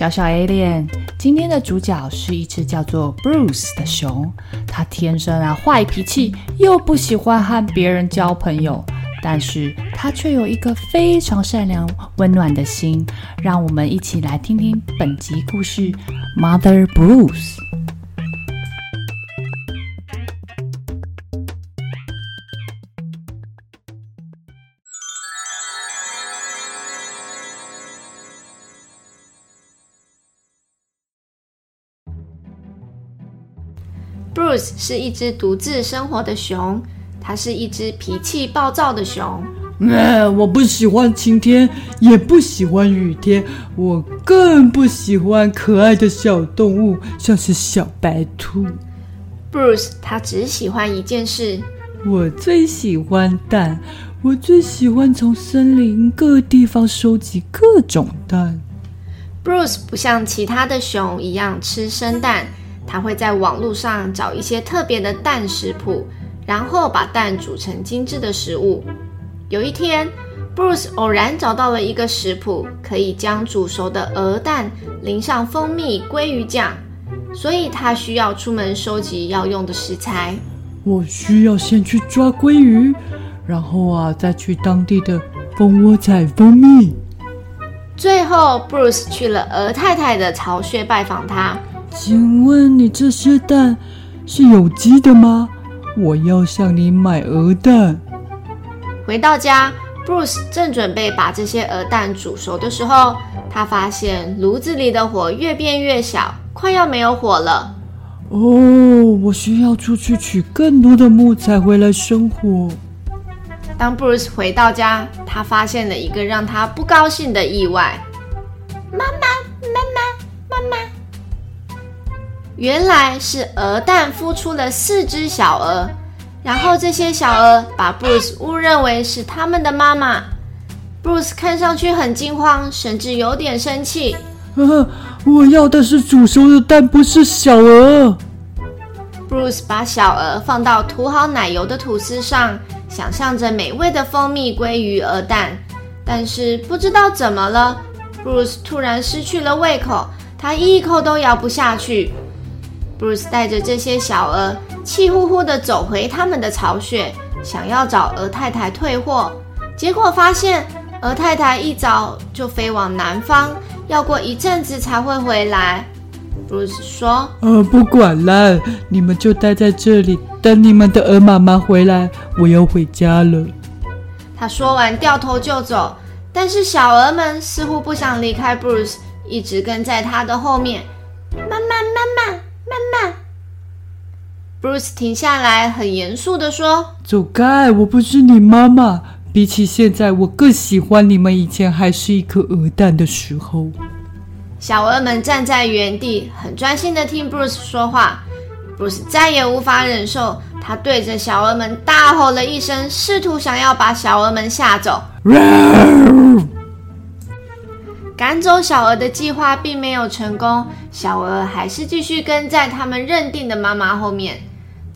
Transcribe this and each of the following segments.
小小 Alien，今天的主角是一隻叫做 Bruce 的熊，它天生啊壞脾氣，又不喜歡和別人交朋友，但是它卻有一顆非常善良溫暖的心。讓我們一起來聽聽本集故事，Mother Bruce。Bruce 是一隻獨自生活的熊，它是一隻脾氣暴躁的熊。嗯，我不喜歡晴天，也不喜歡雨天，我更不喜歡可愛的小動物，像是小白兔。Bruce 他只喜歡一件事，我最喜歡蛋，我最喜歡從森林各地方收集各種蛋。Bruce 不像其他的熊一樣吃生蛋。他會在網路上找一些特別的蛋食譜，然後把蛋煮成精緻的食物。有一天，Bruce 偶然找到了一個食譜，可以將煮熟的鵝蛋淋上蜂蜜鮭魚醬，所以他需要出門收集要用的食材。我需要先去抓鮭魚，然後啊再去當地的蜂窩採蜂蜜。最後，Bruce 去了鵝太太的巢穴拜訪她。請問你這些蛋是有機的嗎？我要向你買鵝蛋。回到家，Bruce 正準備把這些鵝蛋煮熟的時候，他發現爐子裡的火越變越小，快要沒有火了。哦，我需要出去取更多的木材回來生火。當 Bruce 回到家，他發現了一個讓他不高興的意外。媽媽，媽媽，媽媽。原來是鵝蛋孵出了四隻小鵝，然後這些小鵝把 Bruce 誤認為是他們的媽媽。Bruce 看上去很驚慌，甚至有點生氣。呵、啊、呵，我要的是煮熟的蛋，不是小鵝。Bruce 把小鵝放到塗好奶油的吐司上，想象着美味的蜂蜜鮭魚鵝蛋。但是不知道怎麼了，Bruce 突然失去了胃口，他一,一口都咬不下去。Bruce 帶着這些小鵝氣呼呼地走回他們的巢穴，想要找鵝太太退貨，結果發現鵝太太一早就飛往南方，要過一陣子才會回來。Bruce 說：“呃，不管了，你們就待在這裡，等你們的鵝媽媽回來。我要回家了。”他說完掉頭就走，但是小鵝們似乎不想離開 Bruce，一直跟在他的後面。Bruce 停下來，很嚴肅地說：“走開！我不是你媽媽。比起現在，我更喜歡你們以前還是一顆鵝蛋的時候。”小鵝們站在原地，很專心地聽 Bruce 說話。Bruce 再也無法忍受，他對着小鵝們大吼了一聲，試圖想要把小鵝們嚇走。 趕走小鵝的計劃並沒有成功，小鵝還是繼續跟在他們認定的媽媽後面。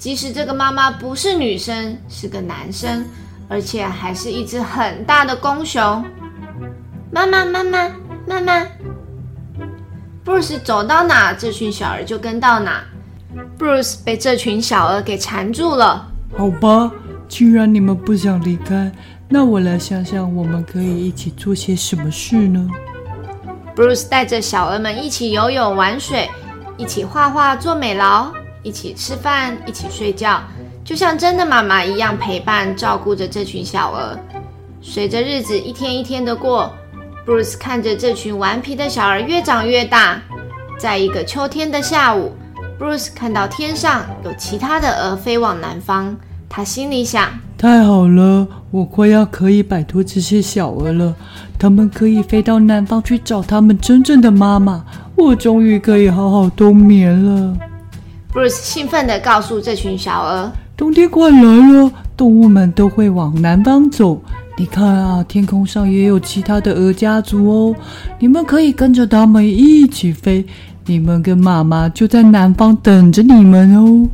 其實這個媽媽不是女生，是個男生，而且還是一隻很大的公熊。媽媽，媽媽，媽媽，Bruce 走到哪，這群小鵝就跟到哪。Bruce 被這群小鵝給纏住了。好吧，既然你們不想離開，那我來想想，我們可以一起做些什麼事呢？Bruce 帶着小鵝們一起游泳、玩水，一起畫畫、做美勞。一起吃飯，一起睡覺，就像真的媽媽一樣陪伴照顧着這群小鵝。隨着日子一天一天的過，Bruce 看着這群頑皮的小鵝越長越大。在一個秋天的下午，Bruce 看到天上有其他的鵝飛往南方，他心裡想：太好了，我快要可以擺脫這些小鵝了，他們可以飛到南方去找他們真正的媽媽，我終於可以好好冬眠了。Bruce 興奮地告訴這群小鵝：“冬天快來了，動物們都會往南方走。你看啊，天空上也有其他的鵝家族哦，你們可以跟着他們一起飛。你們跟媽媽就在南方等着你們哦。”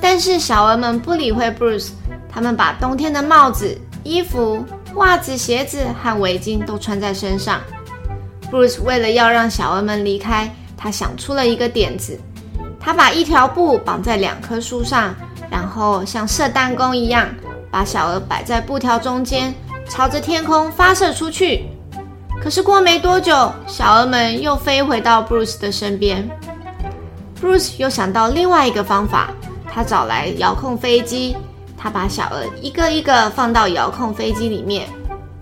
但是小鵝們不理會 Bruce，他們把冬天的帽子、衣服、襪子、鞋子和圍巾都穿在身上。Bruce 為了要讓小鵝們離開，他想出了一個點子。他把一條布綁在兩棵樹上，然後像射彈弓一樣，把小鵝擺在布條中間，朝着天空發射出去。可是過沒多久，小鵝們又飛回到 Bruce 的身邊。Bruce 又想到另外一個方法，他找來遙控飛機，他把小鵝一個一個放到遙控飛機裡面，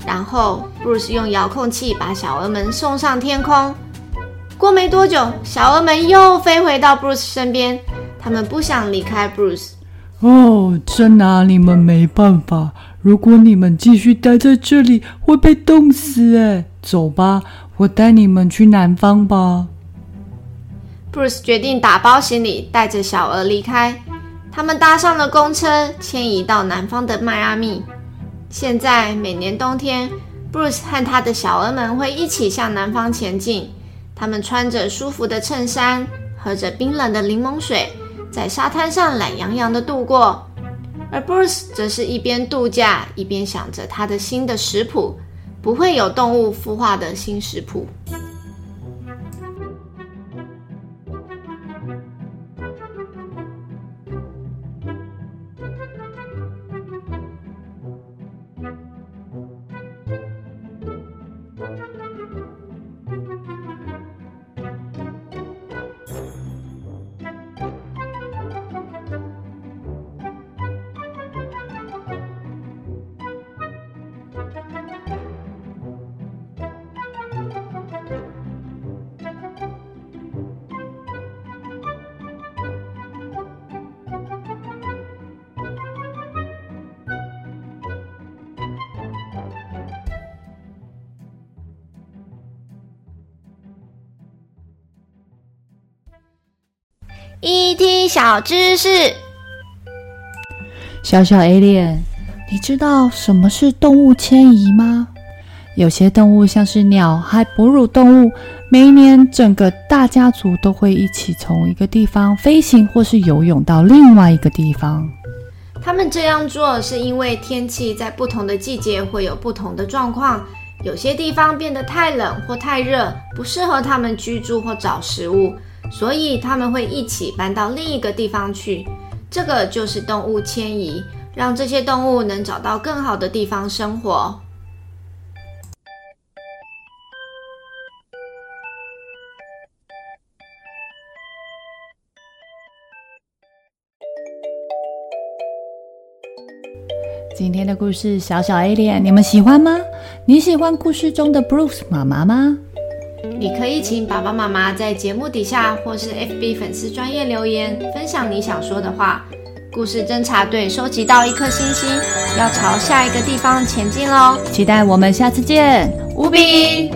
然後 Bruce 用遙控器把小鵝們送上天空。過沒多久，小鵝們又飛回到 Bruce 身邊。他們不想離開 Bruce。哦，真拿你們沒辦法！如果你們繼續待在這裡，會被凍死哎、欸。走吧，我帶你們去南方吧。Bruce 決定打包行李，帶着小鵝離開。他們搭上了公車，遷移到南方的邁阿密。現在每年冬天，Bruce 和他的小鵝們會一起向南方前進。他們穿着舒服的襯衫，喝着冰冷的檸檬水，在沙灘上懶洋洋地度過。而 Bruce 則是一邊度假，一邊想着他的新的食譜——不會有動物孵化的新食譜。ET 小知識：小小 Alien，你知道什麼是動物遷移嗎？有些動物像是鳥還哺乳動物，每一年整個大家族都會一起從一個地方飛行或是游泳到另外一個地方。他們這樣做是因為天氣在不同的季節會有不同的狀況，有些地方變得太冷或太熱，不適合他們居住或找食物。.所以他們會一起搬到另一個地方去，這個就是動物遷移，讓這些動物能找到更好的地方生活。今天的故事《小小 Alien》，你們喜歡嗎？你喜歡故事中的 Bruce 媽媽嗎？你可以請爸爸媽媽在節目底下或是 FB 粉絲專頁留言，分享你想說的話。故事偵查隊收集到一顆星星，要朝下一個地方前進嘍！期待我們下次見，無比。